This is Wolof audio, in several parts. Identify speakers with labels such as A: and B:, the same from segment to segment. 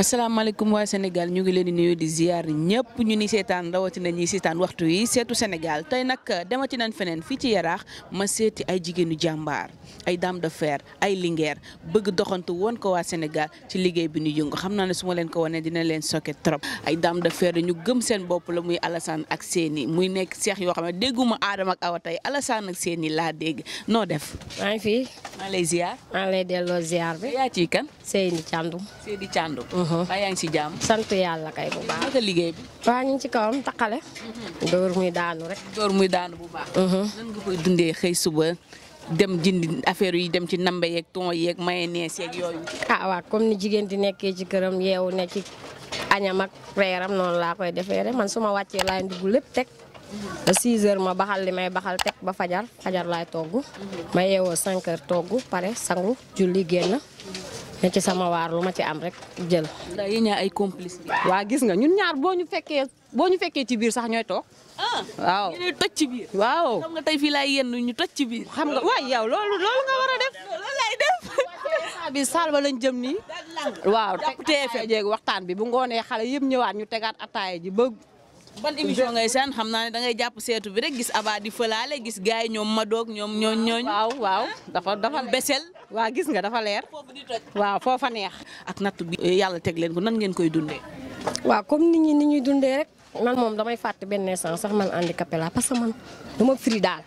A: asalaamaaleykum waa Sénégal ñu ngi leen di nuyu di ziar ñëpp ñu ni seetaan rawatina ñi seetaan waxtu yi seetu Sénégal tey nag demati nañ feneen fii ci yaraax ma seeti ay jigéenu jàmbaar ay daam de fer ay lingeer bëgg doxantu woon ko waa Sénégal ci liggéey bi ñu yëngu xam naa ne su ma leen ko wanee dina leen sokke trop ay dame de fer ñu gëm seen bopp la muy Alassane ak seeni muy nekk seex yoo xam ne dégguma Adama ak Awa tey Alassane ak seeni laa dégg noo def. maa ngi fi. maa delloo ziar bi. yaa ciy kan. Séni ba yaa ngi si sant yàlla kay bu baax. liggéey bi. waa ñu ci kawam taqale. Mhm. dóor muy daanu rek. dóor muy daanu bu baax. Mhm. nan koy dundee xëy suba dem jëndi affaire yi dem ci nambe yeeg ton yeeg mayonnaise yeeg
B: yooyu. ah waa comme ni jigéen di nekkee ci këram yeewu ne ci añam ak reeram noonu laa koy defee rek man su ma wàccee laay dugg lépp teg. ba mhm. 6 heures ma baxal li may baxal teg ba fajar fajar laay togg. ma yeewoo 5 heures togg pare sangu julli génn. ne ci sama waar lu ma ci am rek jël.
A: ndax yéen ay complice. waa gis nga ñun ñaar boo ñu fekkee boo ñu fekkee ci biir sax ñooy toog. Ah, waaw ñu toj ci biir. waa xam tey fii laay yenn ñu toj ci biir. xam nga waay yow loolu loolu nga war def. lay def. bi saal ba lañ jëm nii. waaw teg waxtaan bi bu ngoonee xale yëpp ñëwaat ñu tegaat ataaya ji ba ban émission ngay seen xam naa ne da ngay jàpp seetu bi rek gis abaa di fëlaale gis gars yi ñoom Madoog ñoom ñoo ñooñ waaw waaw dafa dafa besel waaw gis nga dafa leer waaw foofa neex ak natt bi yàlla teg leen ko nan ngeen koy dundee waaw comme nit ñi ni
B: ñuy dundee rek man moom damay fàtte benn instant sax man handicapé laa parce que man dama firi daal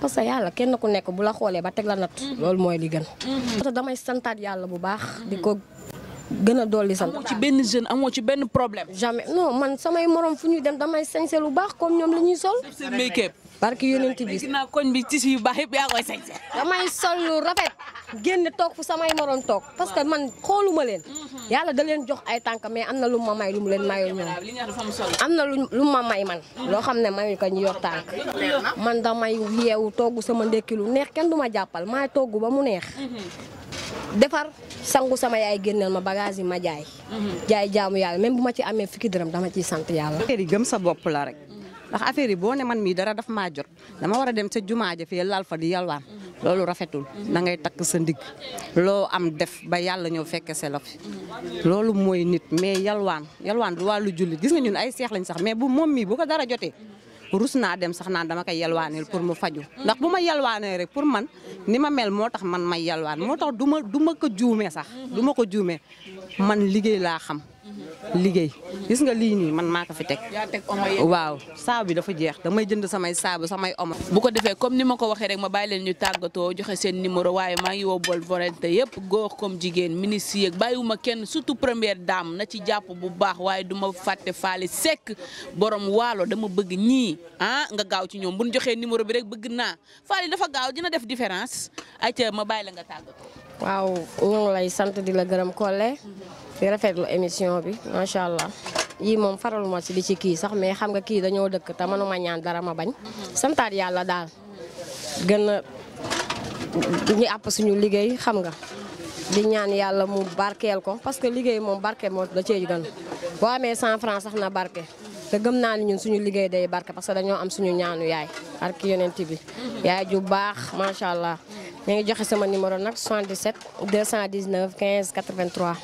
B: parce que yàlla kenn ku nekk bu la xoolee ba teg la natt mm-hmm. loolu mooy li gën mm-hmm. damay santaat yàlla bu baax di ko gën a dolli sant. amoo ci benn jeune amoo ci benn problème. jamais non man samay morom fu ñuy dem damay sañse lu baax comme ñoom la ñuy sol.
A: seen make-up. barke yonent bi ginnaaw bi tissu yu baax yëpp yaa koy sañse.
B: damay sol lu rafet génn toog fu samay morom toog parce que man xooluma leen. Mhm. yàlla da leen jox ay tànk mais am na lu ma may lu mu leen mayoo ñoom. am na lu ma may man. loo xam ne mayu ko ñu yor tànk. Mhm. man damay yeewu togg sama ndekki lu neex kenn du ma jàppal maay togg ba mu neex. Mhm. defar sangu sama yaay génneel ma bagage yi ma jaay. jaay jaamu yàlla même bu ma ci amee fukki dërëm dama ciy sant
C: yàlla. affaire yi sa bopp la rek. ndax affaire yi boo ne man mii dara daf maa jot dama war a dem sa jumaa ja fii lal fa di yalwaan loolu rafetul da ngay takk sa ndigg loo am def ba yàlla ñëw fekke selo loolu mooy nit mais yalwaan yalwaan du wàllu jullit gis nga ñun ay seex lañ sax mais bu moom mii bu ko dara jotee rus naa dem sax naa dama koy yalwaaneel pour mu faju ndax bu ma yalwaanee rek pour man ni ma mel moo tax man ma yalwaan moo tax duma ma du ma ko juumee sax du ma ko juumee man liggéey laa xam liggéey gis nga lii man maa ko fi teg. waaw saabu bi dafa jeex damay jënd samay saabu samay omo. bu ko defee comme
A: ni ma ko waxee rek ma bàyyi leen ñu tàggatoo joxe seen numéro waaye maa ngi woo Baol Volonté yëpp góor comme jigéen ministre yeeg bàyyiwuma kenn surtout première daam na ci jàpp bu baax waaye duma ma fàtte faali sekk borom waalo dama bëgg ñii ah nga gaaw ci ñoom bu ñu joxee numéro bi rek bëgg naa faali dafa gaaw dina def différence ayca ma bàyyi nga tàggatoo.
B: waaw ñu lay sant di la gërëm Collé di lu émission bi macha allah yii moom faraluma si di ci kii sax mais xam nga kii dañoo dëkk te mënuma ñaan dara ma bañ santaat yàlla daal gën a ñu àpp suñu liggéey xam nga di ñaan yàlla mu barkeel ko parce que liggéey moom barke moo da cee gën boo amee cent francs sax na barke te gëm naa ni ñun suñu liggéey day barke parce que dañoo am suñu ñaanu yaay barke yonent bi yaay ju baax macha allah ñu ngi joxe sama numéro nag 77 219 15 83.